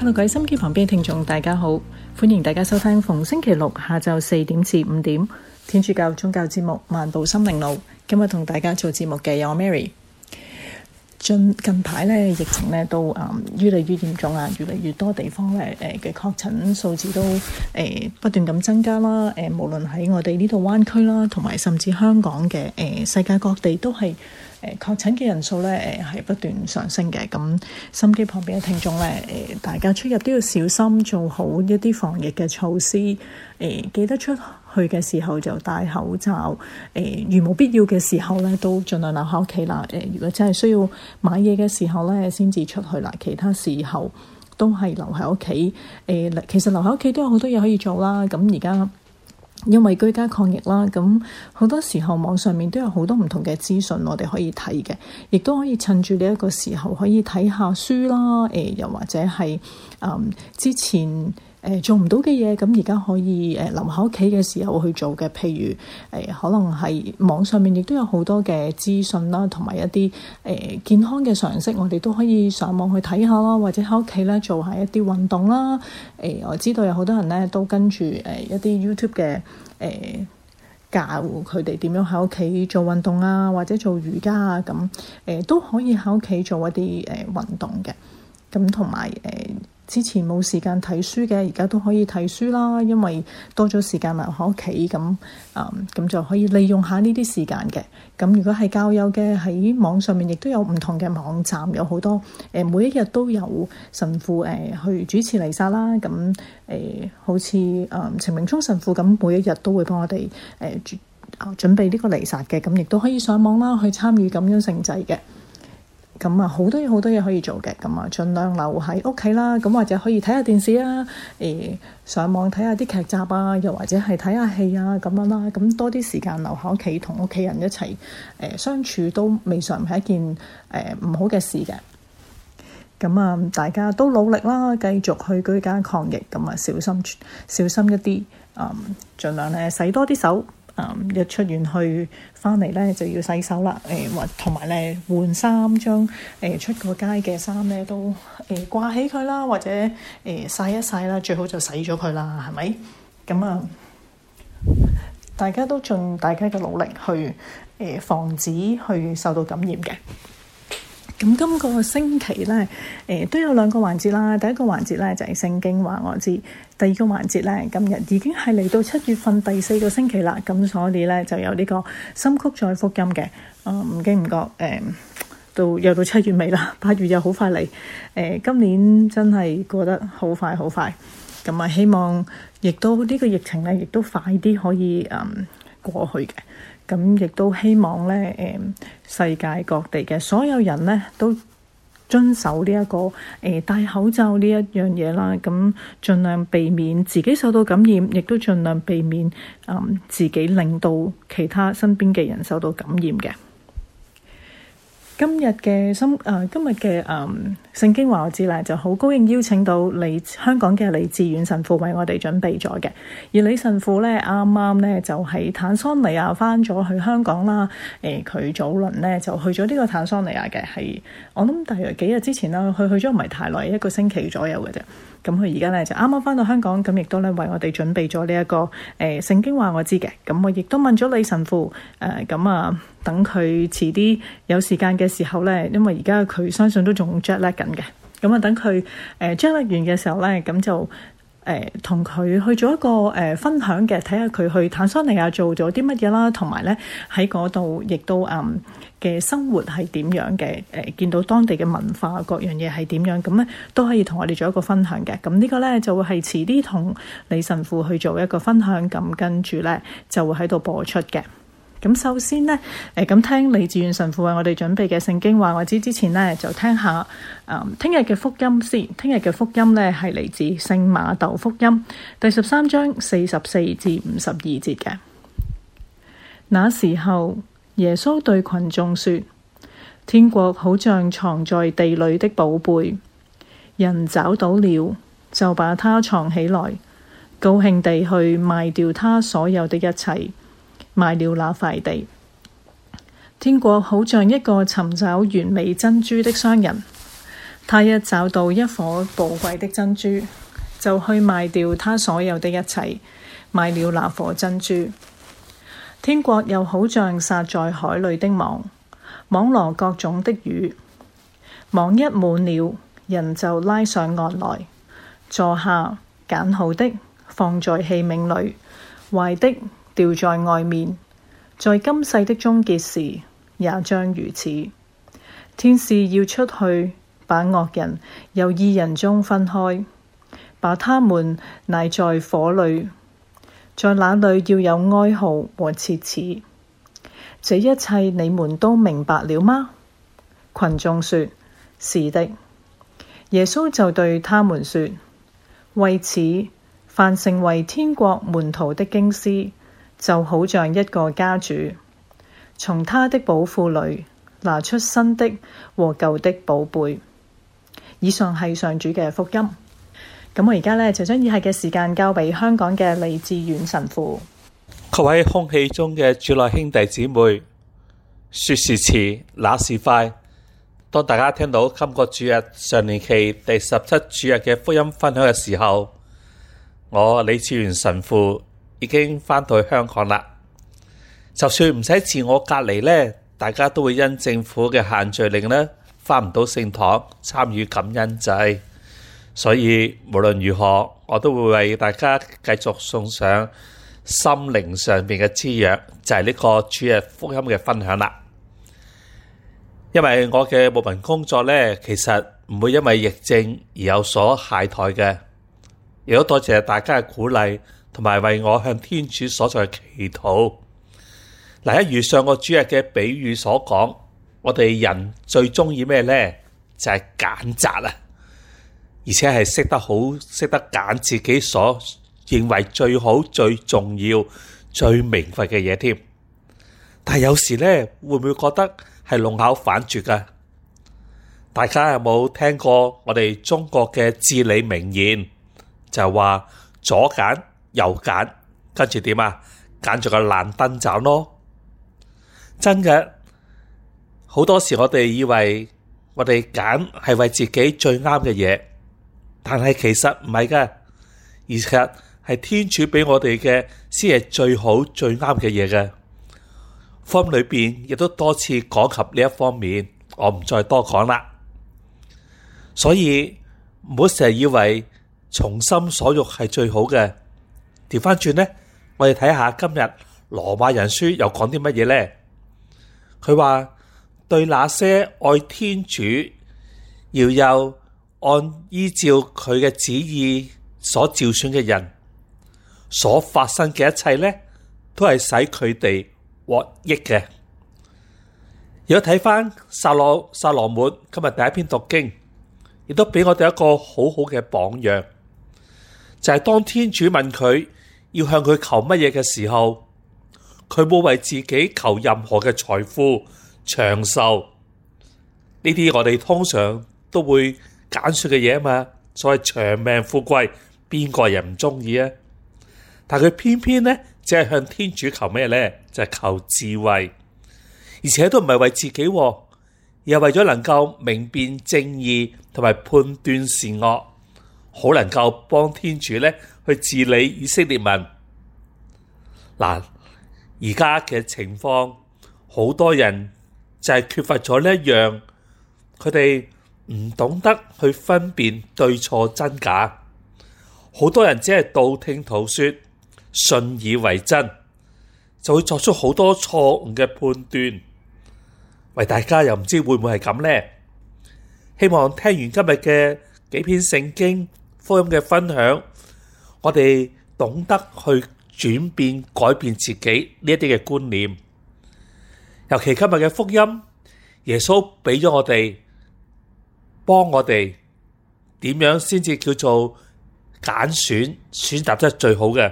Hello 各位心機旁邊嘅聽眾，大家好，歡迎大家收聽逢星期六下晝四點至五點天主教宗教節目《萬道心靈路》。今日同大家做節目嘅有 Mary。近近排咧，疫情咧都誒越嚟越嚴重啦，越嚟越多地方咧誒嘅確診數字都誒不斷咁增加啦。誒，無論喺我哋呢度灣區啦，同埋甚至香港嘅誒世界各地都係。誒確診嘅人數咧誒係不斷上升嘅，咁心機旁邊嘅聽眾咧誒、呃，大家出入都要小心，做好一啲防疫嘅措施。誒、呃、記得出去嘅時候就戴口罩。誒、呃、如冇必要嘅時候咧，都儘量留喺屋企啦。誒、呃、如果真係需要買嘢嘅時候咧，先至出去啦。其他時候都係留喺屋企。誒、呃、其實留喺屋企都有好多嘢可以做啦。咁而家。因為居家抗疫啦，咁好多時候網上面都有好多唔同嘅資訊，我哋可以睇嘅，亦都可以趁住呢一個時候可以睇下書啦，誒、呃，又或者係，嗯，之前。誒做唔到嘅嘢，咁而家可以誒留喺屋企嘅時候去做嘅，譬如誒、呃、可能係網上面亦都有好多嘅資訊啦，同埋一啲誒、呃、健康嘅常識，我哋都可以上網去睇下咯，或者喺屋企咧做下一啲運動啦。誒、呃、我知道有好多人咧都跟住誒一啲 YouTube 嘅誒、呃、教佢哋點樣喺屋企做運動啊，或者做瑜伽啊，咁誒、呃、都可以喺屋企做一啲誒、呃、運動嘅。咁同埋誒。呃之前冇時間睇書嘅，而家都可以睇書啦，因為多咗時間留喺屋企咁，誒咁、嗯、就可以利用下呢啲時間嘅。咁、嗯、如果係教友嘅喺網上面，亦都有唔同嘅網站，有好多誒、呃，每一日都有神父誒、呃、去主持彌撒啦。咁、嗯、誒、呃、好似誒程明聰神父咁，每一日都會幫我哋誒準準備呢個彌撒嘅。咁亦都可以上網啦，去參與感恩聖祭嘅。咁啊，好多嘢好多嘢可以做嘅，咁啊，盡量留喺屋企啦，咁或者可以睇下電視啊，誒，上網睇下啲劇集啊，又或者係睇下戲啊，咁樣啦，咁多啲時間留喺屋企，同屋企人一齊誒相處都未嘗唔係一件誒唔好嘅事嘅。咁啊，大家都努力啦，繼續去居家抗疫，咁啊，小心小心一啲，啊，盡量咧洗多啲手。一、嗯、出完去翻嚟咧就要洗手啦，誒或同埋咧換衫，將誒、呃、出過街嘅衫咧都誒掛起佢啦，或者誒曬、呃、一曬啦，最好就洗咗佢啦，係咪？咁啊，大家都盡大家嘅努力去誒、呃、防止去受到感染嘅。咁今個星期咧誒、呃、都有兩個環節啦，第一個環節咧就係、是、聖經話我知。第二個環節咧，今日已經係嚟到七月份第四個星期啦，咁所以咧就有呢個新曲再復音嘅，唔經唔覺誒到、嗯、又到七月尾啦，八月又好快嚟，誒、嗯、今年真係過得好快好快，咁、嗯、啊希望亦都呢、這個疫情咧亦都快啲可以誒、嗯、過去嘅，咁、嗯、亦都希望咧誒、嗯、世界各地嘅所有人咧都，遵守呢、這、一個誒、呃、戴口罩呢一樣嘢啦，咁盡量避免自己受到感染，亦都盡量避免誒、嗯、自己令到其他身邊嘅人受到感染嘅。今日嘅心，誒、呃、今日嘅誒聖經話我知啦，就好高興邀請到嚟香港嘅李志遠神父，為我哋準備咗嘅。而李神父咧，啱啱咧就喺、是、坦桑尼亞翻咗去香港啦。誒、呃，佢早輪咧就去咗呢個坦桑尼亞嘅，係我諗大約幾日之前啦，佢去咗唔係太耐，一個星期左右嘅啫。咁佢而家咧就啱啱翻到香港，咁亦都咧為我哋準備咗呢一個誒、呃、聖經話我知嘅。咁我亦都問咗李神父誒，咁，呃、啊等佢遲啲有時間嘅時候咧，因為而家佢相信都仲 jet lag 緊嘅。咁啊等佢誒、呃、jet lag 完嘅時候咧，咁就。誒同佢去做一個誒、呃、分享嘅，睇下佢去坦桑尼亞做咗啲乜嘢啦，同埋咧喺嗰度亦都誒嘅、嗯、生活係點樣嘅？誒、呃、見到當地嘅文化各樣嘢係點樣咁咧，都可以同我哋做一個分享嘅。咁呢個咧就會係遲啲同李神父去做一個分享，咁跟住咧就會喺度播出嘅。咁首先呢，誒，咁聽李志遠神父為我哋準備嘅聖經話，我知之前呢，就聽下，誒，聽日嘅福音先。聽日嘅福音呢，係嚟自聖馬竇福音第十三章四十四至五十二節嘅。那時候，耶穌對群眾說：天國好像藏在地裏的寶貝，人找到了，就把它藏起來，高興地去賣掉它所有的一切。賣了那塊地，天國好像一個尋找完美珍珠的商人，他一找到一顆寶貴的珍珠，就去賣掉他所有的一切，買了那顆珍珠。天國又好像撒在海裏的網，網羅各種的魚，網一滿了，人就拉上岸來，坐下揀好的放在器皿裏，壞的。掉在外面，在今世的終結時也將如此。天使要出去把惡人由義人中分開，把他們乃在火裏，在那裏要有哀號和切齒。這一切你們都明白了嗎？群眾說：是的。耶穌就對他們說：為此，凡成為天國門徒的經師。就好像一個家主，從他的寶庫裏拿出新的和舊的寶貝。以上係上主嘅福音。咁我而家呢，就將以下嘅時間交俾香港嘅李志遠神父。各位空氣中嘅主內兄弟姊妹，說時遲，那時快。當大家聽到今個主日常年期第十七主日嘅福音分享嘅時候，我李志遠神父，已經翻到香港啦，就算唔使自我隔離呢，大家都會因政府嘅限聚令呢，翻唔到聖堂參與感恩祭，所以無論如何，我都會為大家繼續送上心靈上面嘅滋養，就係、是、呢個主日福音嘅分享啦。因為我嘅牧民工作呢，其實唔會因為疫症而有所懈怠嘅，亦都多謝大家嘅鼓勵。同埋為我向天主所在祈禱。嗱，一如上個主日嘅比喻所講，我哋人最鍾意咩咧？就係、是、揀擇啦，而且係識得好識得揀自己所認為最好、最重要、最名貴嘅嘢添。但係有時咧，會唔會覺得係弄巧反拙噶？大家有冇聽過我哋中國嘅至理名言？就話、是、左揀。又揀，跟住點啊？揀咗個爛燈盞咯！真嘅，好多時我哋以為我哋揀係為自己最啱嘅嘢，但係其實唔係嘅，而且係天主畀我哋嘅先係最好最啱嘅嘢嘅。福音裏邊亦都多次講及呢一方面，我唔再多講啦所以唔好成日以為從心所欲係最好嘅。調翻轉呢，我哋睇下今日羅馬人書又講啲乜嘢呢？佢話對那些愛天主、要又按依照佢嘅旨意所召選嘅人，所發生嘅一切呢，都係使佢哋獲益嘅。如果睇翻撒羅撒羅門今日第一篇讀經，亦都俾我哋一個好好嘅榜樣，就係、是、當天主問佢，要向佢求乜嘢嘅時候，佢冇為自己求任何嘅財富、長壽呢啲，我哋通常都會揀選嘅嘢啊嘛。所謂長命富貴，邊個人唔中意啊？但佢偏偏咧，只係向天主求咩咧？就係、是、求智慧，而且都唔係為自己，而係為咗能夠明辨正義同埋判斷善惡，好能夠幫天主咧。去治理以色列民，嗱，而家嘅情況，好多人就係缺乏咗呢一樣，佢哋唔懂得去分辨對錯真假。好多人只係道聽途說，信以為真，就會作出好多錯誤嘅判斷。為大家又唔知會唔會係咁呢？希望聽完今日嘅幾篇聖經福音嘅分享，我哋懂得去轉變、改變自己呢啲嘅觀念，尤其今日嘅福音，耶穌畀咗我哋，幫我哋點樣先至叫做揀選，選擇得最好嘅。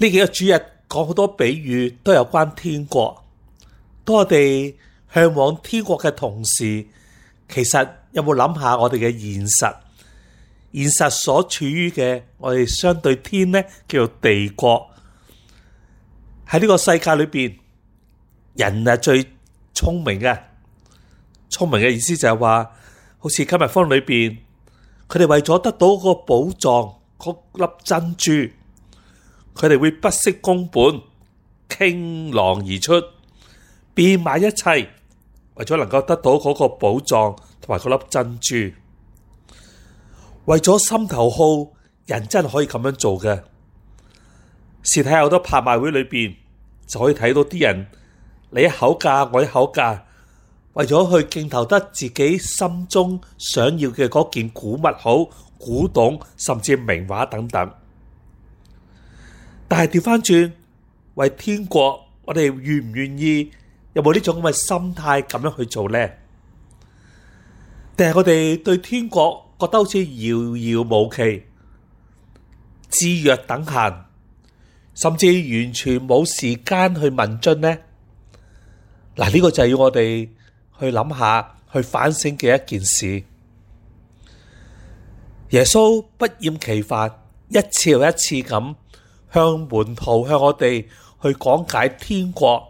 呢幾個主日講好多比喻，都有關天國。當我哋向往天國嘅同時，其實有冇諗下我哋嘅現實？現實所處於嘅我哋相對天呢，叫做地國。喺呢個世界裏邊，人係最聰明嘅，聰明嘅意思就係話，好似今日坊裏邊，佢哋為咗得到嗰個寶藏、嗰粒珍珠，佢哋會不惜工本傾囊而出，變賣一切，為咗能夠得到嗰個寶藏同埋嗰粒珍珠。為咗心頭好，人真係可以咁樣做嘅。試睇好多拍賣會裏邊，就可以睇到啲人，你一口價，我一口價，為咗去競投得自己心中想要嘅嗰件古物好、好古董，甚至名畫等等。但係調翻轉，為天國，我哋願唔願意，有冇呢種咁嘅心態咁樣去做呢？定係我哋對天國？覺得好似遙遙無期、置若等閒，甚至完全冇時間去問津呢。嗱，呢個就係要我哋去諗下去反省嘅一件事。耶穌不厭其煩，一次又一次咁向門徒向我哋去講解天國，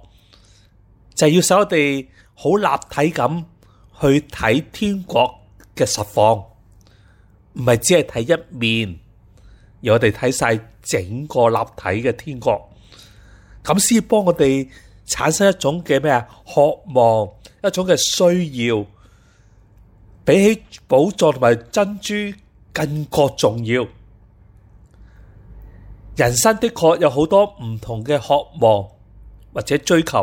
就係、是、要使我哋好立體咁去睇天國嘅實況。唔係只係睇一面，而我哋睇晒整個立體嘅天國，咁先幫我哋產生一種嘅咩啊？渴望一種嘅需要，比起寶藏同埋珍珠更更重要。人生的確有好多唔同嘅渴望或者追求，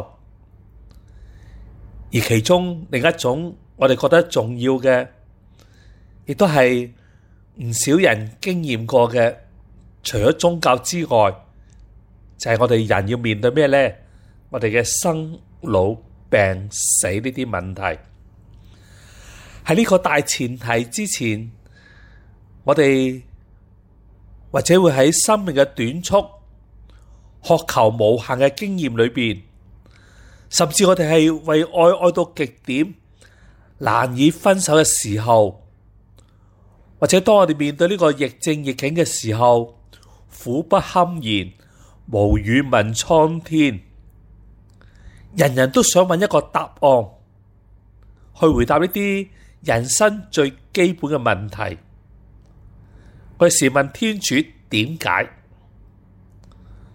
而其中另一種我哋覺得重要嘅，亦都係。唔少人經驗過嘅，除咗宗教之外，就係我哋人要面對咩咧？我哋嘅生老病死呢啲問題，喺呢個大前提之前，我哋或者會喺生命嘅短促、渴求無限嘅經驗裏邊，甚至我哋係為愛愛到極點，難以分手嘅時候。而且當我哋面對呢個疫症疫境嘅時候，苦不堪言，無語問蒼天，人人都想問一個答案，去回答呢啲人生最基本嘅問題。我哋試問天主點解，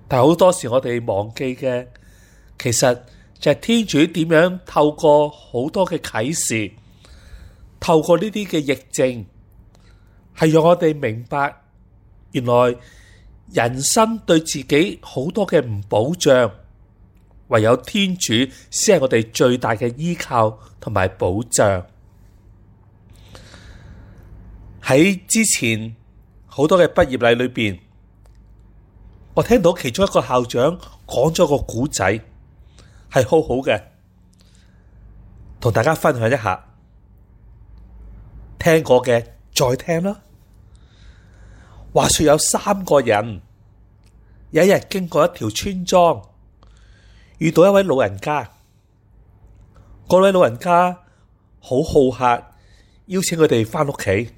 但好多時我哋忘記嘅，其實就係天主點樣透過好多嘅啟示，透過呢啲嘅疫症。係讓我哋明白，原來人生對自己好多嘅唔保障，唯有天主先係我哋最大嘅依靠同埋保障。喺之前好多嘅畢業禮裏邊，我聽到其中一個校長講咗個故仔，係好好嘅，同大家分享一下，聽過嘅再聽啦。話說有三個人，有一日經過一條村莊，遇到一位老人家。嗰位老人家好好客，邀請佢哋返屋企。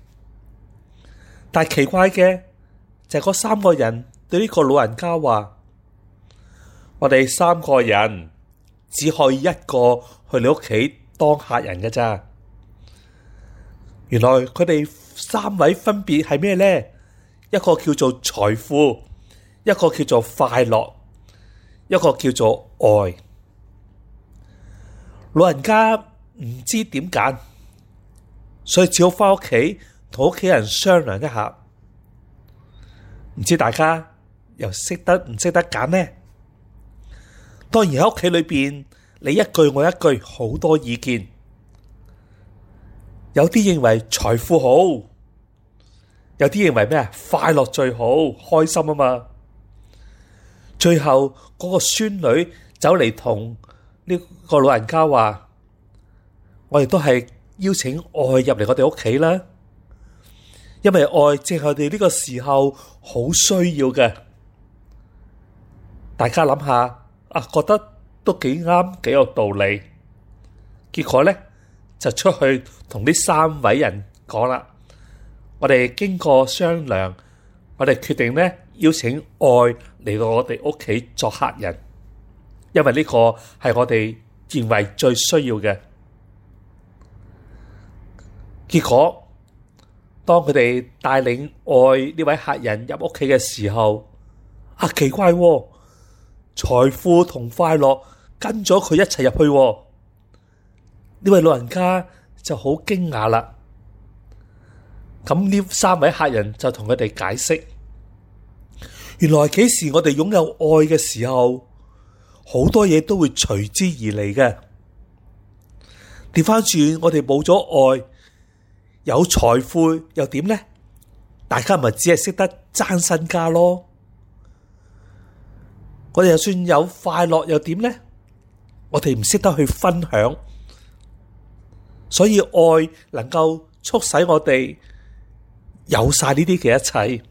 但奇怪嘅就係，嗰三個人對呢個老人家話：我哋三個人只可以一個去你屋企當客人嘅咋。原來佢哋三位分別係咩呢？一個叫做財富，一個叫做快樂，一個叫做愛。老人家唔知點揀，所以只好返屋企同屋企人商量一下。唔知大家又識得唔識得揀呢？當然喺屋企裏邊，你一句我一句，好多意見。有啲認為財富好。有啲認為咩啊？快樂最好，開心啊嘛！最後嗰個孫女走嚟同呢個老人家話：我亦都係邀請愛入嚟我哋屋企啦，因為愛正係我哋呢個時候好需要嘅。大家諗下啊，覺得都幾啱，幾有道理。結果咧就出去同呢三位人講啦。我哋經過商量，我哋決定呢，邀請愛嚟到我哋屋企做客人，因為呢個係我哋認為最需要嘅。結果，當佢哋帶領愛呢位客人入屋企嘅時候，啊，奇怪喎，財富同快樂跟咗佢一齊入去喎，呢位老人家就好驚訝啦。咁呢三位客人就同佢哋解釋，原來幾時我哋擁有愛嘅時候，好多嘢都會隨之而嚟嘅。掉翻轉，我哋冇咗愛，有財富又點呢？大家咪只係識得爭身家咯。我哋就算有快樂又點呢？我哋唔識得去分享，所以愛能夠促使我哋。有晒呢啲嘅一切，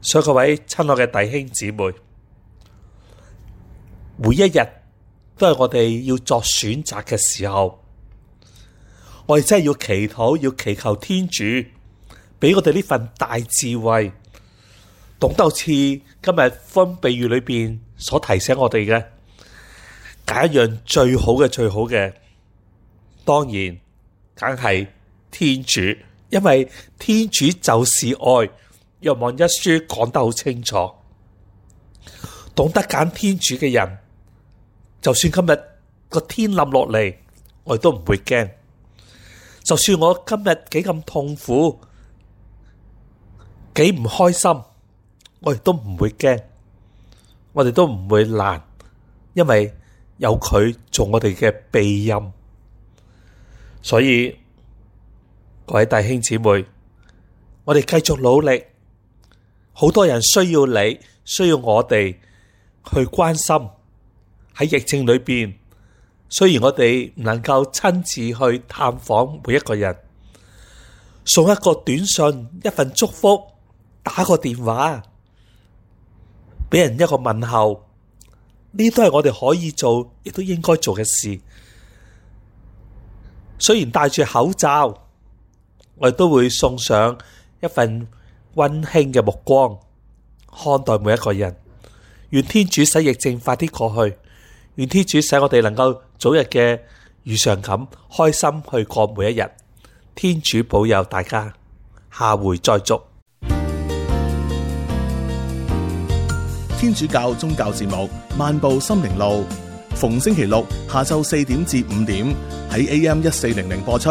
所以各位親愛嘅弟兄姊妹，每一日都係我哋要作選擇嘅時候，我哋真係要祈禱，要祈求天主畀我哋呢份大智慧，懂得似今日分比喻裏邊所提醒我哋嘅，揀一樣最好嘅最好嘅，當然梗係天主。因為天主就是愛，《若望一書》講得好清楚，懂得揀天主嘅人，就算今日個天冧落嚟，我亦都唔會驚；就算我今日幾咁痛苦，幾唔開心，我亦都唔會驚，我哋都唔會難，因為有佢做我哋嘅庇蔭，所以。各位弟兄姊妹，我哋繼續努力。好多人需要你，需要我哋去關心。喺疫症裏邊，雖然我哋唔能夠親自去探訪每一個人，送一個短信，一份祝福，打個電話，俾人一個問候，呢都係我哋可以做，亦都應該做嘅事。雖然戴住口罩。我哋都會送上一份溫馨嘅目光看待每一個人，願天主使疫症快啲過去，願天主使我哋能夠早日嘅如常咁開心去過每一日。天主保佑大家，下回再續。天主教宗教節目《漫步心靈路》，逢星期六下晝四點至五點喺 AM 一四零零播出。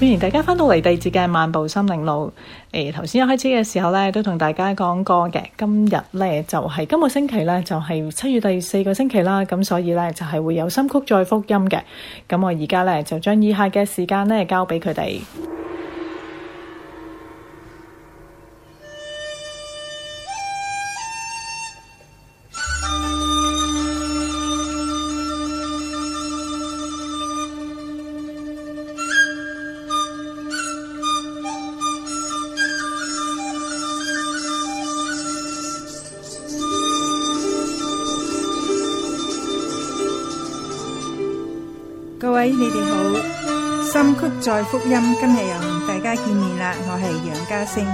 歡迎大家返到嚟第二節嘅《漫步心靈路》呃。誒，頭先一開始嘅時候咧,都同大家講過嘅。今日咧就係、是、今個星期咧，就係、是、七月第四個星期啦。咁所以咧就係、是、會有新曲再復音嘅。咁我而家咧就將以下嘅時間咧交俾佢哋。再福音今日又同大家見面啦，我係楊家星。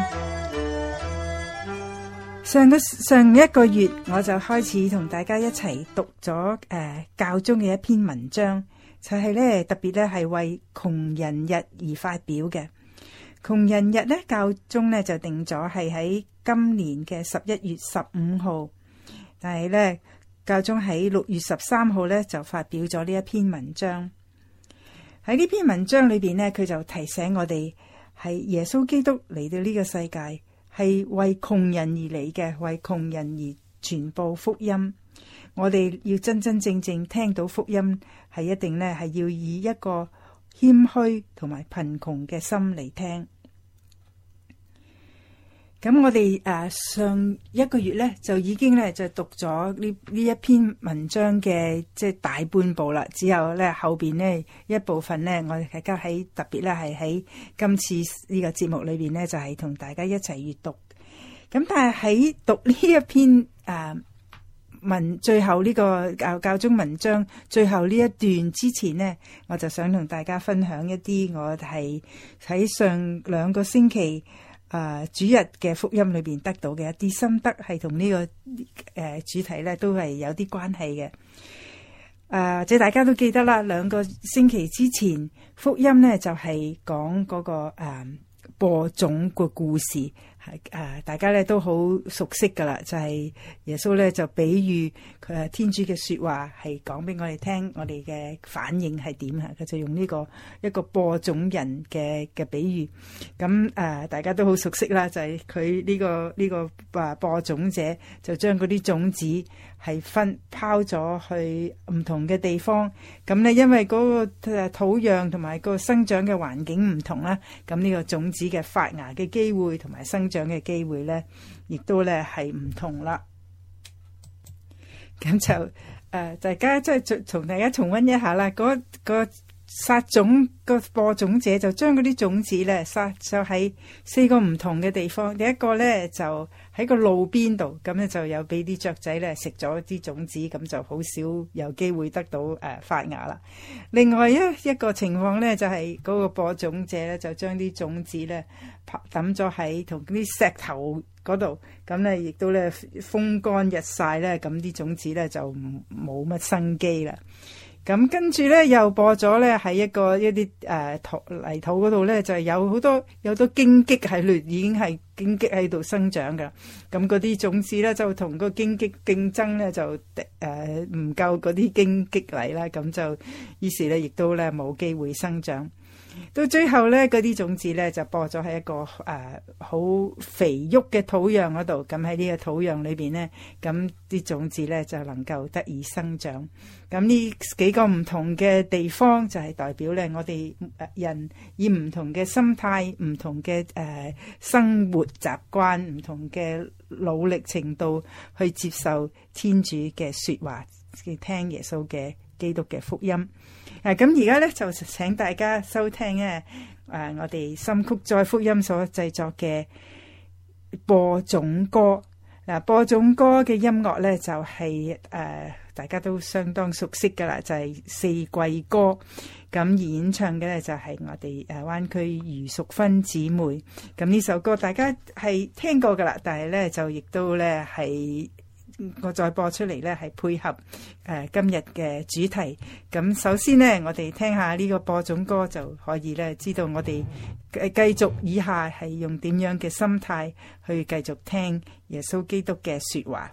上個上一個月我就開始同大家一齊讀咗誒、呃、教宗嘅一篇文章，就係、是、咧特別咧係為窮人日而發表嘅。窮人日咧教宗呢咧就定咗係喺今年嘅十一月十五號，但係咧教宗喺六月十三號咧就發表咗呢一篇文章。喺呢篇文章裏邊咧，佢就提醒我哋，係耶穌基督嚟到呢個世界，係為窮人而嚟嘅，為窮人而傳播福音。我哋要真真正正聽到福音，係一定咧，係要以一個謙虛同埋貧窮嘅心嚟聽。咁我哋誒、啊、上一個月咧就已經咧就讀咗呢呢一篇文章嘅即係大半部啦，之後咧後邊呢，後面呢一部分咧，我哋大家喺特別咧係喺今次呢個節目裏邊呢，就係、是、同大家一齊閱讀。咁但係喺讀呢一篇誒、啊、文最後呢、這個教教宗文章最後呢一段之前呢，我就想同大家分享一啲我係喺上兩個星期。誒、呃，主日嘅福音裏邊得到嘅一啲心得、這個，係同呢個誒主題咧都係有啲關係嘅。誒、呃，即係大家都記得啦，兩個星期之前福音咧就係講嗰個誒、呃、播種個故事。係啊，uh, 大家咧都好熟悉噶啦，就係耶穌咧就比喻佢係天主嘅說話係講俾我哋聽，我哋嘅反應係點啊？佢就用呢個一個播種人嘅嘅比喻，咁誒、呃，大家都好熟悉啦，就係佢呢個呢個啊播種者就將嗰啲種子。係分拋咗去唔同嘅地方，咁咧因為嗰個誒土壤同埋個生長嘅環境唔同啦，咁呢個種子嘅發芽嘅機會同埋生長嘅機會咧，亦都咧係唔同啦。咁就誒、呃，大家即係同大家重溫一下啦。嗰、嗰個撒種、個播種者就將嗰啲種子咧撒咗喺四個唔同嘅地方。第一個咧就。喺個路邊度，咁咧就有俾啲雀仔咧食咗啲種子，咁就好少有機會得到誒、呃、發芽啦。另外一一個情況咧，就係、是、嗰個播種者咧，就將啲種子咧拍抌咗喺同啲石頭嗰度，咁咧亦都咧風乾日曬咧，咁啲種子咧就冇乜生機啦。咁跟住咧，又播咗咧喺一個一啲誒土泥土嗰度咧，就係、是、有好多有啲荊棘喺度，已經係荊棘喺度生長噶。咁嗰啲種子咧，就同個荊棘競爭咧，就誒唔、呃、夠嗰啲荊棘嚟啦。咁就於是咧，亦都咧冇機會生長。到最後咧，嗰啲種子咧就播咗喺一個誒好、呃、肥沃嘅土壤嗰度。咁喺呢個土壤裏邊咧，咁啲種子咧就能夠得以生長。咁呢幾個唔同嘅地方就係代表咧，我哋人以唔同嘅心態、唔同嘅誒、呃、生活習慣、唔同嘅努力程度去接受天主嘅説話，去聽耶穌嘅基督嘅福音，啊咁而家咧就請大家收聽咧，誒我哋深曲再福音所製作嘅播種歌，嗱播種歌嘅音樂咧就係誒大家都相當熟悉噶啦，就係四季歌，咁演唱嘅咧就係我哋誒灣區余淑芬姊妹，咁呢首歌大家係聽過噶啦，但係咧就亦都咧係。我再播出嚟呢，係配合誒、呃、今日嘅主題。咁首先呢，我哋聽下呢個播種歌就可以呢知道我哋繼續以下係用點樣嘅心態去繼續聽耶穌基督嘅說話。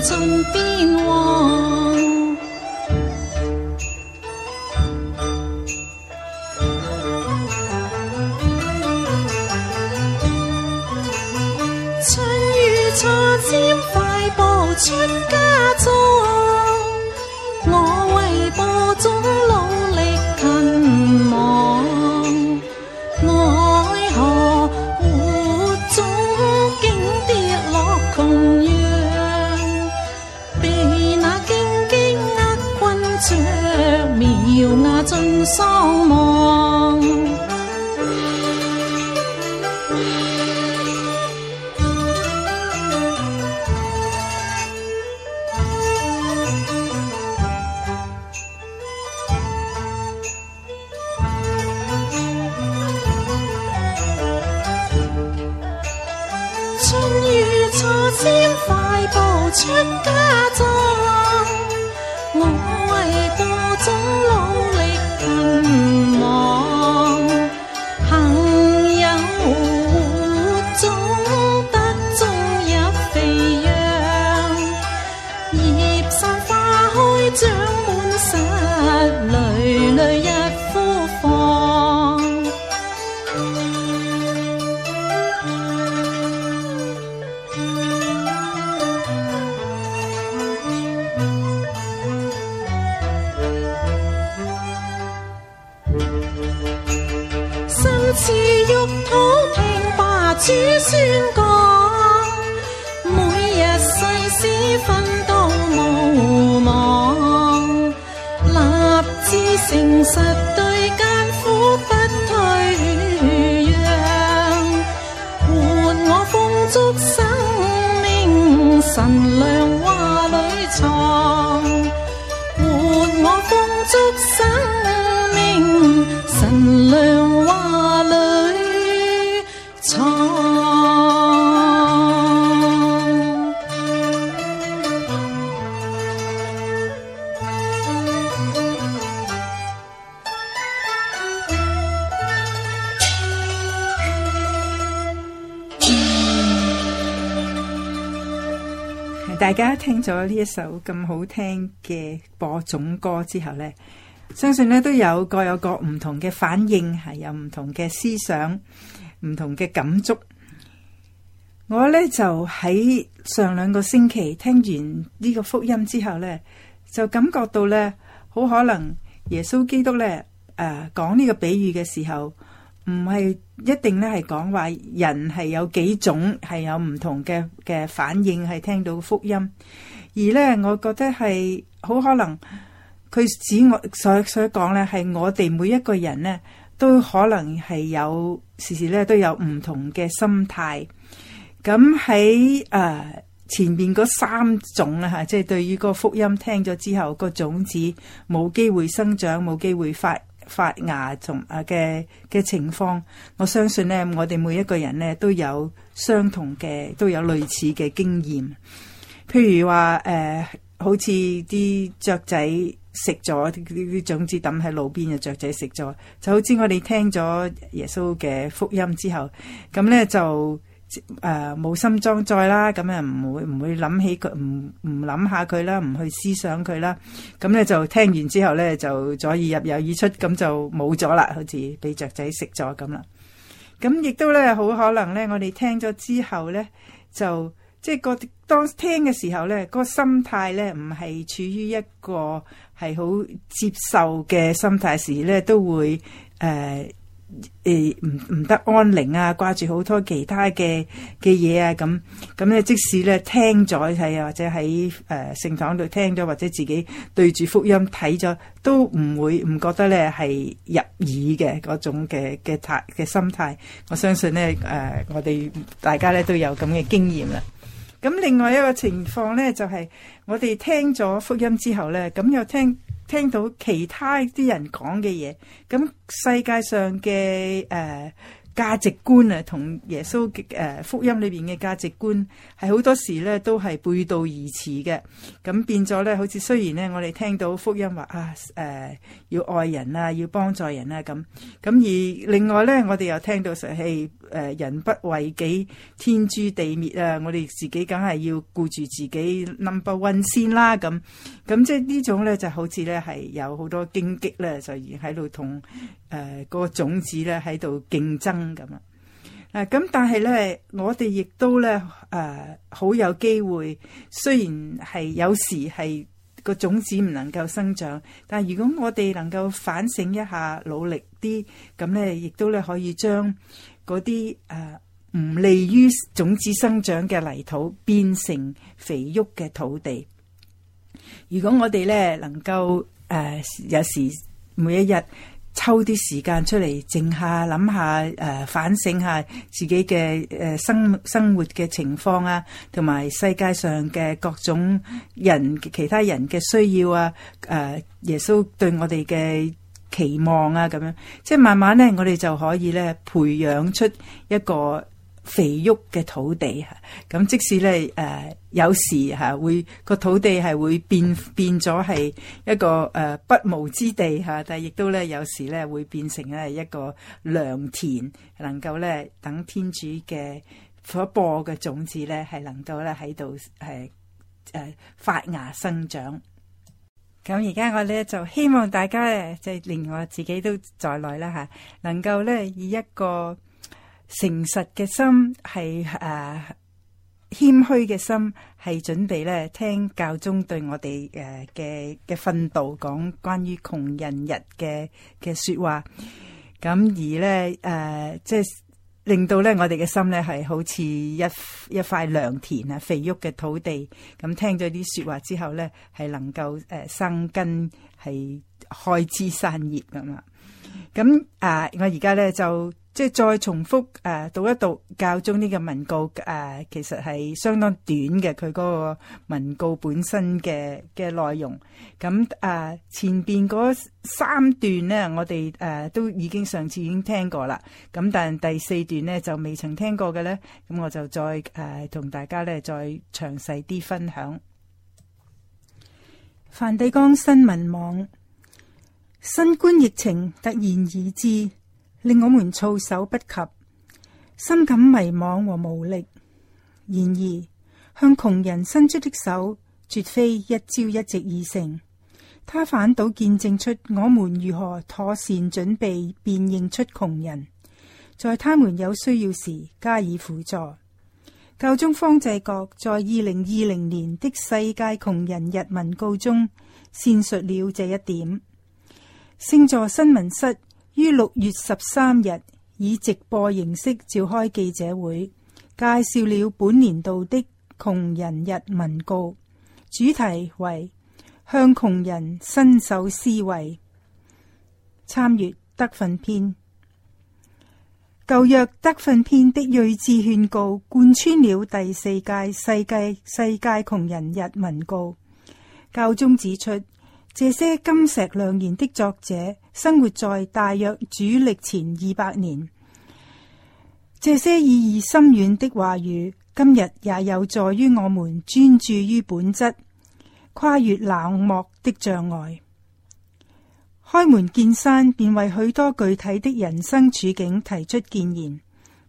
盡變黃。咗呢一首咁好聽嘅播種歌之後呢，相信呢都有各有各唔同嘅反應，係有唔同嘅思想、唔同嘅感觸。我呢就喺上兩個星期聽完呢個福音之後呢，就感覺到呢，好可能耶穌基督呢誒、啊、講呢個比喻嘅時候，唔係一定呢係講話人係有幾種係有唔同嘅嘅反應係聽到福音。而咧，我覺得係好可能，佢指我所所講咧，係我哋每一個人咧，都可能係有時時咧都有唔同嘅心態。咁喺誒前面嗰三種咧嚇，即係對於個福音聽咗之後，個種子冇機會生長，冇機會發發芽同啊嘅嘅情況，我相信咧，我哋每一個人咧都有相同嘅，都有類似嘅經驗。譬如話誒、呃，好似啲雀仔食咗啲啲種子抌喺路邊嘅雀仔食咗。就好似我哋聽咗耶穌嘅福音之後，咁咧就誒冇、呃、心裝載啦，咁啊唔會唔會諗起佢，唔唔諗下佢啦，唔去思想佢啦。咁咧就聽完之後咧，就左耳入右耳出，咁就冇咗啦，好似俾雀仔食咗咁啦。咁亦都咧好可能咧，我哋聽咗之後咧就。即係個當聽嘅時候咧，個心態咧唔係處於一個係好接受嘅心態時咧，都會誒誒唔唔得安寧啊，掛住好多其他嘅嘅嘢啊咁咁咧，即使咧聽咗睇啊，或者喺誒、呃、聖堂度聽咗，或者自己對住福音睇咗，都唔會唔覺得咧係入耳嘅嗰種嘅嘅態嘅心態。我相信咧誒、呃，我哋大家咧都有咁嘅經驗啦。咁另外一個情況咧，就係我哋聽咗福音之後咧，咁又聽聽到其他啲人講嘅嘢，咁世界上嘅，誒、呃價值觀啊，同耶穌嘅福音裏邊嘅價值觀係好多時咧都係背道而馳嘅，咁變咗咧，好似雖然咧我哋聽到福音話啊誒、呃、要愛人啊，要幫助人啦咁，咁而另外咧我哋又聽到實係誒人不為己，天誅地滅啊！我哋自己梗係要顧住自己 number one 先啦，咁咁即係呢種咧就好似咧係有好多荊棘咧，就而喺度同誒嗰個種子咧喺度競爭。咁啊嗱，咁、嗯、但係咧，我哋亦都咧誒，好、呃、有機會。雖然係有時係個種子唔能夠生長，但係如果我哋能夠反省一下，努力啲，咁咧亦都咧可以將嗰啲誒唔利於種子生長嘅泥土變成肥沃嘅土地。如果我哋咧能夠誒、呃，有時每一日。抽啲時間出嚟靜下諗下，誒、呃、反省下自己嘅誒生生活嘅情況啊，同埋世界上嘅各種人其他人嘅需要啊，誒、呃、耶穌對我哋嘅期望啊，咁樣即係慢慢呢，我哋就可以呢培養出一個。肥沃嘅土地嚇，咁即使咧誒有時嚇會個土地係會變變咗係一個誒不毛之地嚇，但係亦都咧有時咧會變成咧一個良田，能夠咧等天主嘅火播嘅種子咧係能夠咧喺度誒誒發芽生長。咁而家我咧就希望大家咧即係連我自己都在內啦嚇，能夠咧以一個，誠實嘅心係誒謙虛嘅心係準備咧聽教宗對我哋誒嘅嘅訓導講關於窮人日嘅嘅說話，咁而咧誒即係令到咧我哋嘅心咧係好似一一塊良田啊肥沃嘅土地，咁聽咗啲說話之後咧係能夠誒、啊、生根係開枝散葉咁啊！咁誒我而家咧就。即係再重複誒、啊、讀一讀教宗呢個文告誒、啊，其實係相當短嘅，佢嗰個文告本身嘅嘅內容。咁誒、啊、前邊嗰三段呢，我哋誒、啊、都已經上次已經聽過啦。咁但係第四段呢，就未曾聽過嘅呢，咁我就再誒、啊、同大家呢，再詳細啲分享。梵蒂岡新聞網，新冠疫情突然而至。令我們措手不及，深感迷茫和無力。然而，向窮人伸出的手絕非一朝一夕而成，他反倒見證出我們如何妥善準備，辨認出窮人，在他們有需要時加以輔助。教宗方濟各在二零二零年的世界窮人日文告中，闡述了這一點。聖座新聞室，於六月十三日以直播形式召開記者會，介紹了本年度的窮人日文告，主題為向窮人伸手施惠。參閱德訓篇，舊約德訓篇的睿智勸告貫穿了第四屆世界世界窮人日文告。教宗指出，這些金石良言的作者。生活在大約主曆前二百年，這些意義深遠的話語，今日也有助於我們專注於本質，跨越冷漠的障礙，開門見山便為許多具體的人生處境提出建言，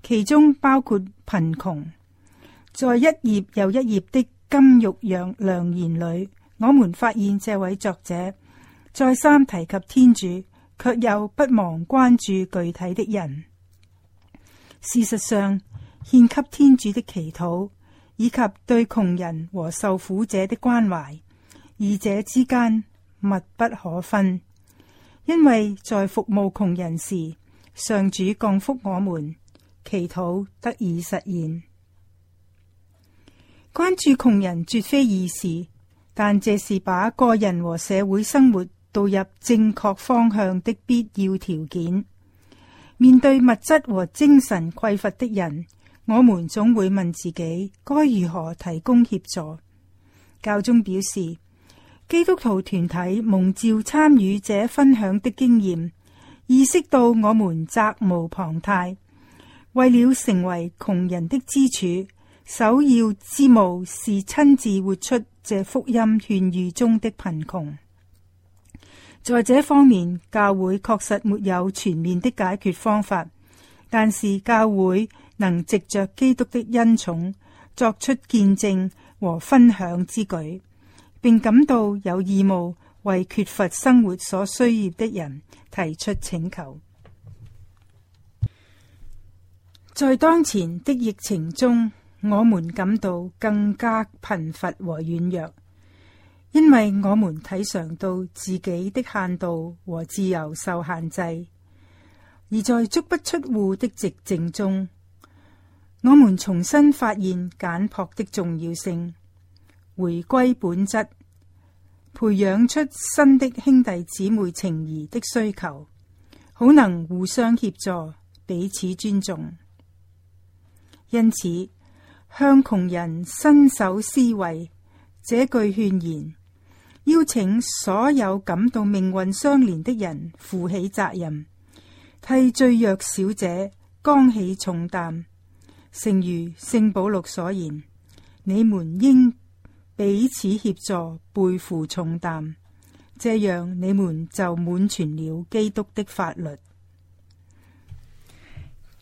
其中包括貧窮。在一頁又一頁的金玉良良言裏，我們發現這位作者再三提及天主。卻又不忘關注具體的人。事實上，獻給天主的祈禱以及對窮人和受苦者的關懷，二者之間密不可分。因為在服務窮人時，上主降福我們，祈禱得以實現。關注窮人絕非易事，但這是把個人和社會生活導入正確方向的必要條件。面對物質和精神匱乏的人，我們總會問自己該如何提供協助。教宗表示，基督徒團體蒙召參與者分享的經驗，意識到我們責無旁貸。為了成為窮人的支柱，首要之務是親自活出這福音勸諭中的貧窮。在這方面，教會確實沒有全面的解決方法，但是教會能藉着基督的恩寵作出見證和分享之舉，並感到有義務為缺乏生活所需要的人提出請求。在當前的疫情中，我們感到更加貧乏和軟弱。因為我們體嘗到自己的限度和自由受限制，而在足不出戶的寂靜中，我們重新發現簡樸的重要性，回歸本質，培養出新的兄弟姊妹情誼的需求，好能互相協助，彼此尊重。因此，向窮人伸手施惠這句勸言，邀請所有感到命運相連的人負起責任，替最弱小者扛起重擔，正如聖保禄所言：你們應彼此協助，背負重擔，這樣你們就滿全了基督的法律。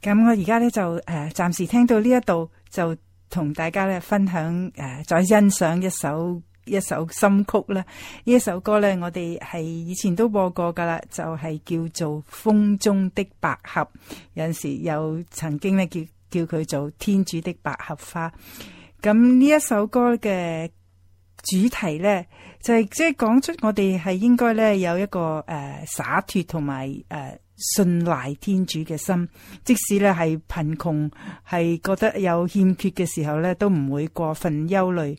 咁我而家呢，就誒，暫時聽到呢一度就同大家咧分享誒，再欣賞一首。一首心曲啦，呢一首歌咧，我哋係以前都播過噶啦，就係叫做《風中的百合》，有陣時又曾經咧叫叫佢做《天主的百合花》。咁呢一首歌嘅主題咧，就係即係講出我哋係應該咧有一個誒灑脫同埋誒。呃信賴天主嘅心，即使咧係貧窮，係覺得有欠缺嘅時候咧，都唔會過分憂慮。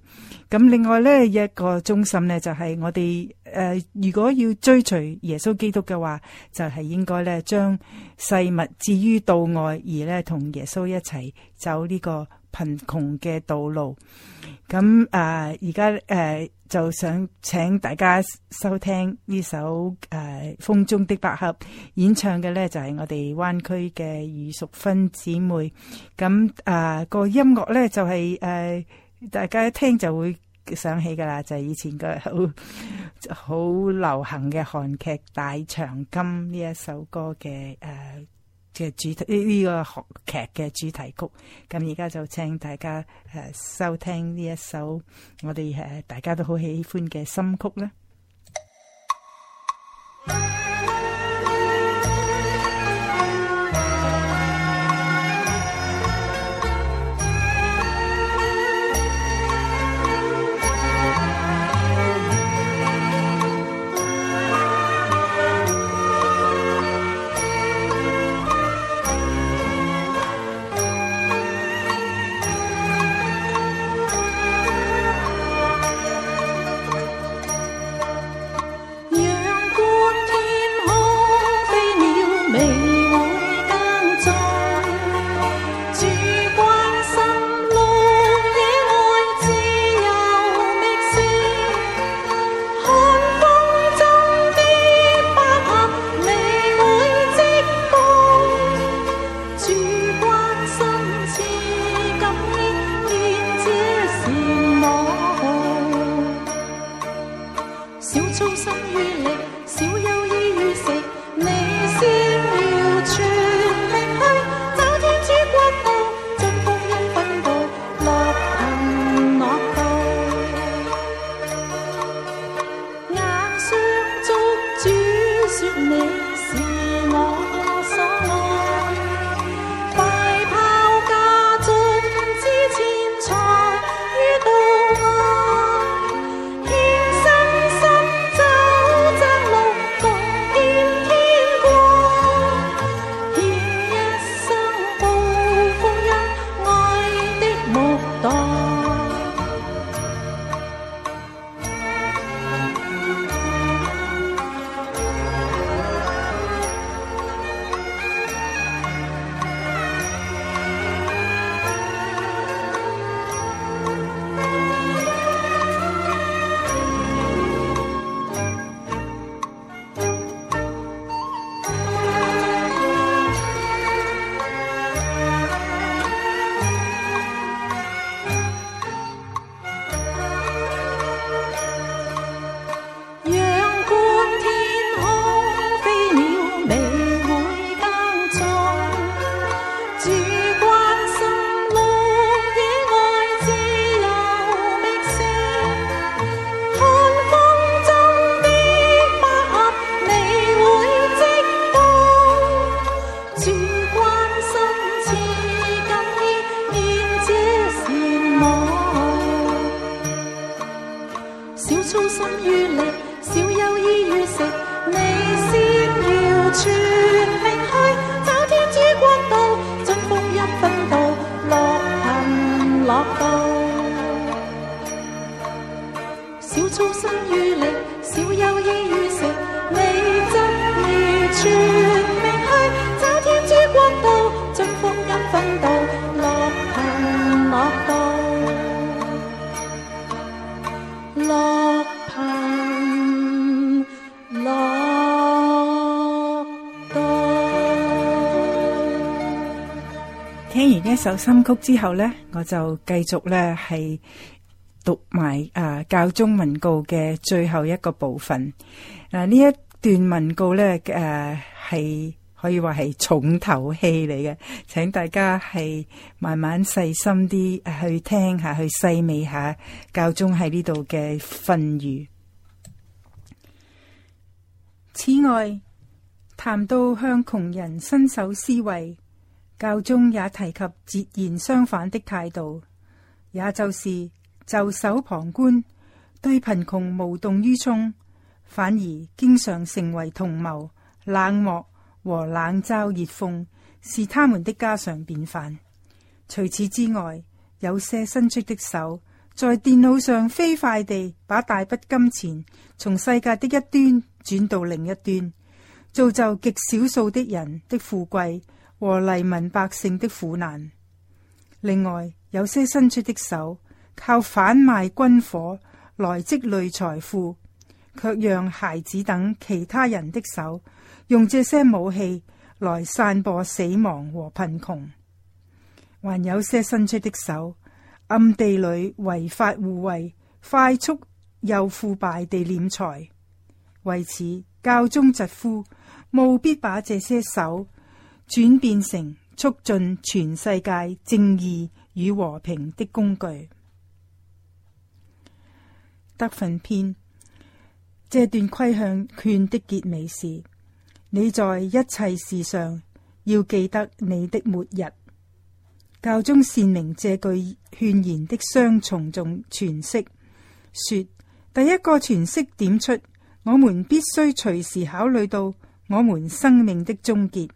咁另外咧一個忠心咧，就係我哋誒，如果要追隨耶穌基督嘅話，就係、是、應該咧將世物置於度外，而咧同耶穌一齊走呢、這個。貧窮嘅道路，咁啊，而家誒就想請大家收聽呢首誒《風中的百合》演唱嘅呢，就係我哋灣區嘅余淑芬姊妹。咁啊個音樂呢，就係誒，大家一聽就會想起噶啦，就係以前個好好流行嘅韓劇《大長今》呢一首歌嘅誒。呃嘅主題呢、這個學劇嘅主題曲，咁而家就請大家誒收聽呢一首我哋誒大家都好喜歡嘅新曲啦。首心曲之後呢，我就繼續呢係讀埋啊教宗文告嘅最後一個部分。嗱、啊，呢一段文告呢誒係、啊、可以話係重頭戲嚟嘅，請大家係慢慢細心啲去聽下去細味下教宗喺呢度嘅訓諭。此外，談到向窮人伸手施惠。教宗也提及截然相反的態度，也就是袖手旁觀，對貧窮無動於衷，反而經常成為同謀、冷漠和冷嘲熱諷，是他們的家常便飯。除此之外，有些伸出的手，在電腦上飛快地把大筆金錢從世界的一端轉到另一端，造就極少數的人的富貴。和黎民百姓的苦難。另外，有些伸出的手靠販賣軍火來積累財富，卻讓孩子等其他人的手用這些武器來散播死亡和貧窮。還有些伸出的手暗地裏違法護衛，快速又腐敗地斂財。為此，教宗疾呼，務必把這些手。轉變成促進全世界正義與和平的工具。德訓篇這段規向勸的結尾是：你在一切事上要記得你的末日。教宗善明這句勸言的雙重重詮釋，說第一個詮釋點出，我們必須隨時考慮到我們生命的終結。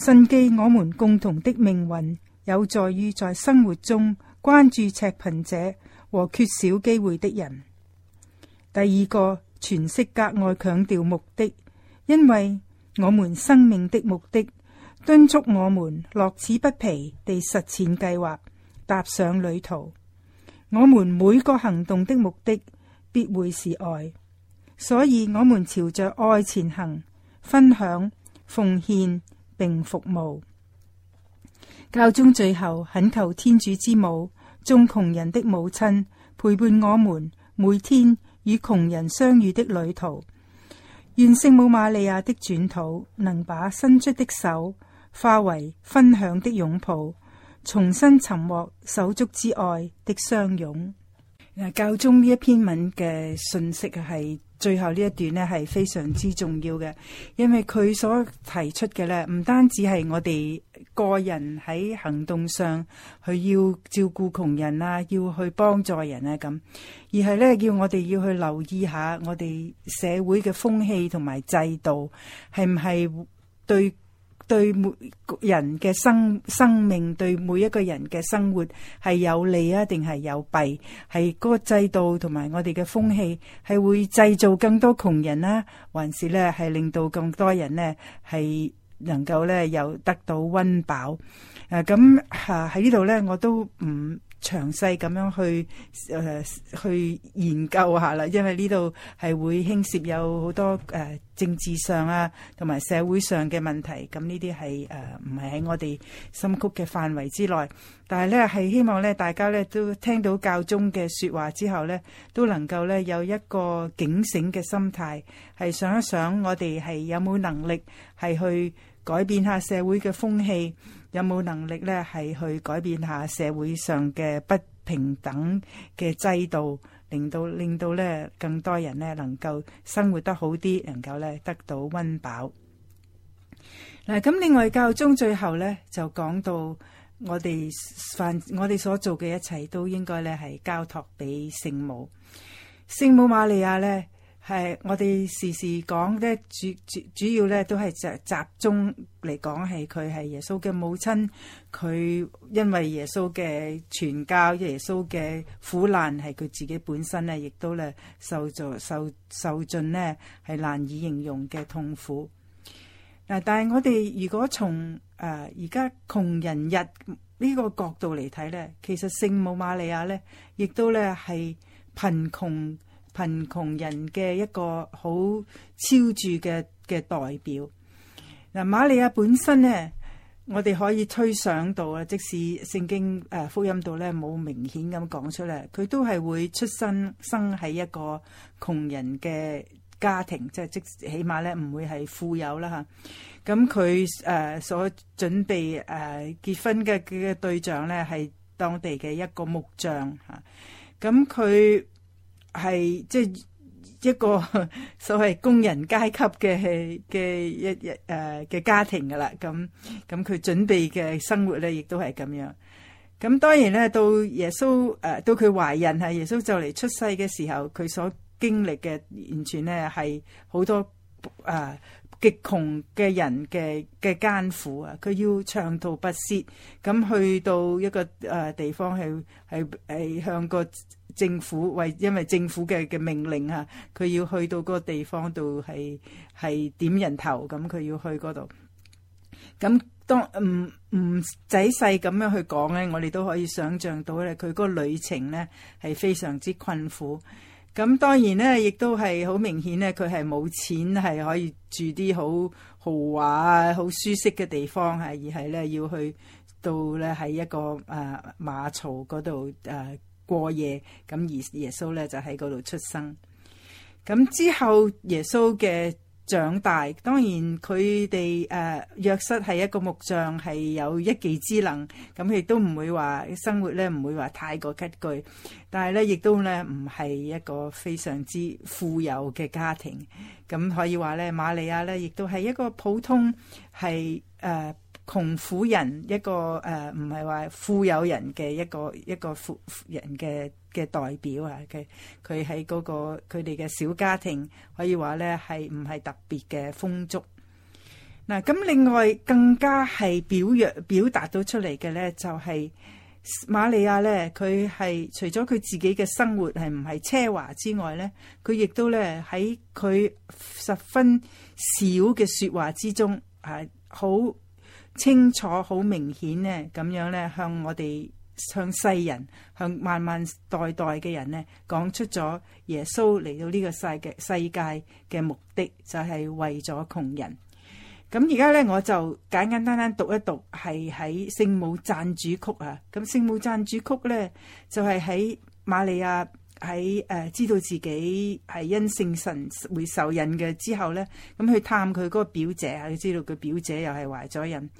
趁機，甚記我們共同的命運，有助於在生活中關注赤貧者和缺少機會的人。第二個詮釋格外強調目的，因為我們生命的目的敦促我們樂此不疲地實踐計劃，踏上旅途。我們每個行動的目的必會是愛，所以我們朝着愛前行，分享奉獻並服務，教宗最後懇求天主之母、眾窮人的母親陪伴我們每天與窮人相遇的旅途，願聖母瑪利亞的轉禱，能把伸出的手化為分享的擁抱，重新尋獲手足之愛的相擁。誒，教宗呢一篇文嘅訊息係。最後呢一段呢係非常之重要嘅，因為佢所提出嘅，呢唔單止係我哋個人喺行動上，佢要照顧窮人啊，要去幫助人啊咁，而係呢，要我哋要去留意下我哋社會嘅風氣同埋制度係唔係對。對每人嘅生生命，對每一個人嘅生活係有利啊，定係有弊？係嗰個制度同埋我哋嘅風氣係會製造更多窮人啦，啊，還是咧係令到更多人呢，係能夠咧又得到溫飽？誒、啊，咁吓喺呢度咧，我都唔。詳細咁樣去誒去研究下啦，因為呢度係會牽涉有好多誒政治上啊，同埋社會上嘅問題，咁呢啲係誒唔係喺我哋深谷嘅範圍之內。但係咧係希望咧，大家咧都聽到教宗嘅説話之後咧，都能夠咧有一個警醒嘅心態，係想一想我哋係有冇能力係去改變下社會嘅風氣。有冇能力咧，係去改變下社會上嘅不平等嘅制度，令到令到咧更多人咧能夠生活得好啲，能夠咧得到温飽。嗱，咁另外教宗最後咧就講到我，我哋凡我哋所做嘅一切，都應該咧係交託俾聖母聖母瑪利亞咧。誒，我哋時時講咧，主主主要咧，都係集集中嚟講，係佢係耶穌嘅母親。佢因為耶穌嘅傳教、耶穌嘅苦難，係佢自己本身咧，亦都咧受著受受盡咧，係難以形容嘅痛苦。嗱，但係我哋如果從誒而家窮人日呢個角度嚟睇咧，其實聖母瑪利亞咧，亦都咧係貧窮。貧窮人嘅一個好超住嘅嘅代表。嗱，瑪利亞本身咧，我哋可以推想到啊，即使聖經誒、呃、福音度咧冇明顯咁講出嚟，佢都係會出生生喺一個窮人嘅家庭，即係即起碼咧唔會係富有啦嚇。咁佢誒所準備誒、呃、結婚嘅嘅對象咧，係當地嘅一個木匠嚇。咁、啊、佢。啊係即係一個所謂工人階級嘅嘅一一誒嘅家庭㗎喇，咁咁佢準備嘅生活咧，亦都係咁樣。咁當然咧，到耶穌誒、啊、到佢懷孕係耶穌就嚟出世嘅時候，佢所經歷嘅完全咧係好多誒。啊極窮嘅人嘅嘅艱苦啊，佢要長途跋涉，咁去到一個誒地方係係係向個政府為，因為政府嘅嘅命令啊，佢要去到個地方度係係點人頭，咁佢要去嗰度。咁當唔唔、嗯、仔細咁樣去講咧，我哋都可以想象到咧，佢嗰個旅程咧係非常之困苦。咁當然咧，亦都係好明顯咧，佢係冇錢係可以住啲好豪華啊、好舒適嘅地方，係而係咧要去到咧喺一個誒馬槽嗰度誒過夜，咁而耶穌咧就喺嗰度出生。咁之後耶穌嘅長大，當然佢哋誒約瑟係一個木匠，係有一技之能，咁亦都唔會話生活咧，唔會話太過拮據，但係咧亦都咧唔係一個非常之富有嘅家庭，咁可以話咧瑪利亞咧亦都係一個普通係誒、呃、窮苦人一個誒唔係話富有人嘅一個一個富人嘅。嘅代表啊，佢佢喺嗰個佢哋嘅小家庭，可以話咧係唔係特別嘅豐足。嗱、啊，咁另外更加係表約表達到出嚟嘅咧，就係瑪利亞咧，佢係除咗佢自己嘅生活係唔係奢華之外咧，佢亦都咧喺佢十分少嘅說話之中，係、啊、好清楚、好明顯咧，咁樣咧向我哋。向世人向萬萬代代嘅人咧，講出咗耶穌嚟到呢個世界世界嘅目的，就係、是、為咗窮人。咁而家呢，我就簡簡單單讀一讀，係喺聖母讚主曲啊。咁聖母讚主曲呢，就係、是、喺瑪利亞喺誒、呃，知道自己係因聖神會受孕嘅之後呢，咁去探佢嗰個表姐啊，佢知道佢表姐又係懷咗孕。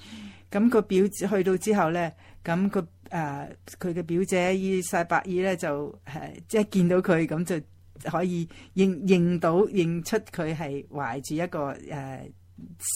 咁個表去到之後呢，咁佢。誒佢嘅表姐伊撒伯爾咧就誒即係見到佢，咁就可以認認到認出佢係懷住一個誒、呃、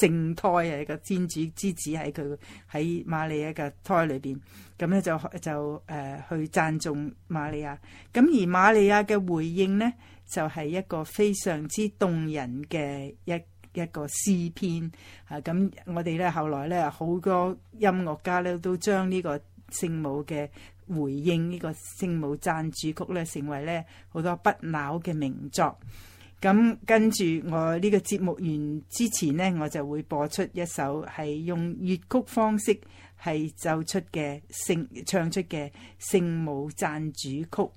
聖胎啊，一個天主之子喺佢喺瑪利亞嘅胎裏邊，咁咧就就誒、呃、去讚頌瑪利亞。咁而瑪利亞嘅回應呢，就係、是、一個非常之動人嘅一一個詩篇啊！咁我哋咧後來咧好多音樂家咧都將呢、這個。聖母嘅回應呢個聖母讚主曲咧，成為咧好多不朽嘅名作。咁跟住我呢個節目完之前咧，我就會播出一首係用粵曲方式係奏出嘅聖唱出嘅聖母讚主曲。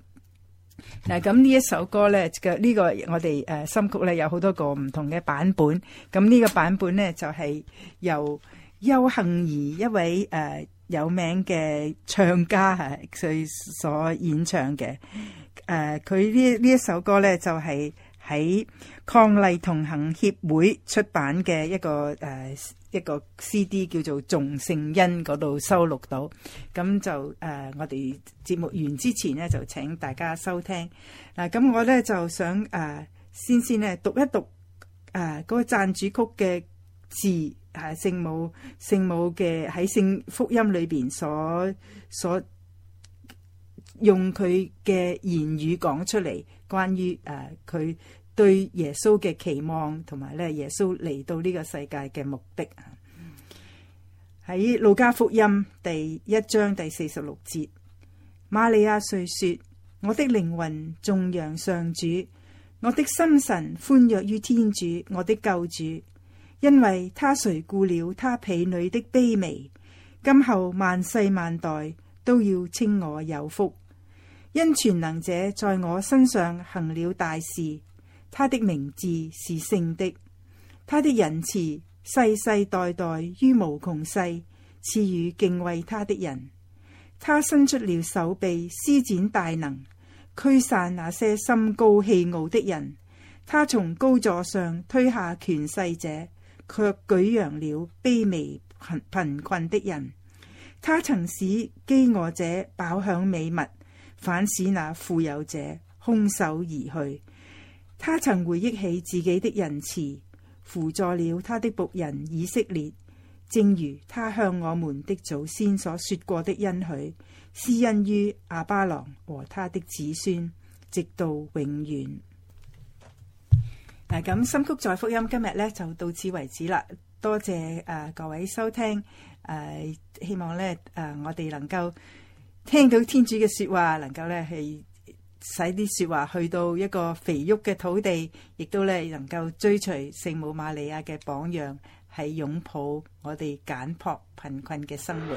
嗱，咁呢一首歌咧嘅呢個我哋誒心曲咧有好多個唔同嘅版本。咁呢個版本咧就係由邱幸儀一位誒。有名嘅唱家啊，佢所、所演唱嘅，誒佢呢呢一首歌咧就係、是、喺伉儷同行協會出版嘅一個誒、呃、一個 CD 叫做《仲聖恩》嗰度收錄到，咁就誒、呃、我哋節目完之前呢，就請大家收聽。嗱、呃，咁我咧就想誒、呃、先先咧讀一讀誒、呃那個讚主曲嘅字。係聖母聖母嘅喺聖福音裏邊所所用佢嘅言語講出嚟，關於誒佢對耶穌嘅期望，同埋咧耶穌嚟到呢個世界嘅目的。喺路加福音第一章第四十六節，瑪利亞遂說：我的靈魂頌揚上主，我的心神歡躍於天主，我的救主。因為他垂顧了他婢女的卑微，今後萬世萬代都要稱我有福，因全能者在我身上行了大事。他的名字是聖的，他的仁慈世世代代於無窮世賜予敬畏他的人。他伸出了手臂施展大能，驅散那些心高氣傲的人。他從高座上推下權勢者。卻舉揚了卑微貧困的人，他曾使饑餓者飽享美物，反使那富有者空手而去。他曾回憶起自己的仁慈，扶助了他的僕人以色列，正如他向我們的祖先所說過的恩許，施恩於亞巴郎和他的子孫，直到永遠。嗱，咁深曲再福音，今日咧，就到此為止啦。多謝誒各位收聽，誒希望咧誒我哋能夠聽到天主嘅說話，能夠咧係使啲說話去到一個肥沃嘅土地，亦都咧能夠追隨聖母瑪利亞嘅榜樣，係擁抱我哋簡樸貧困嘅生活。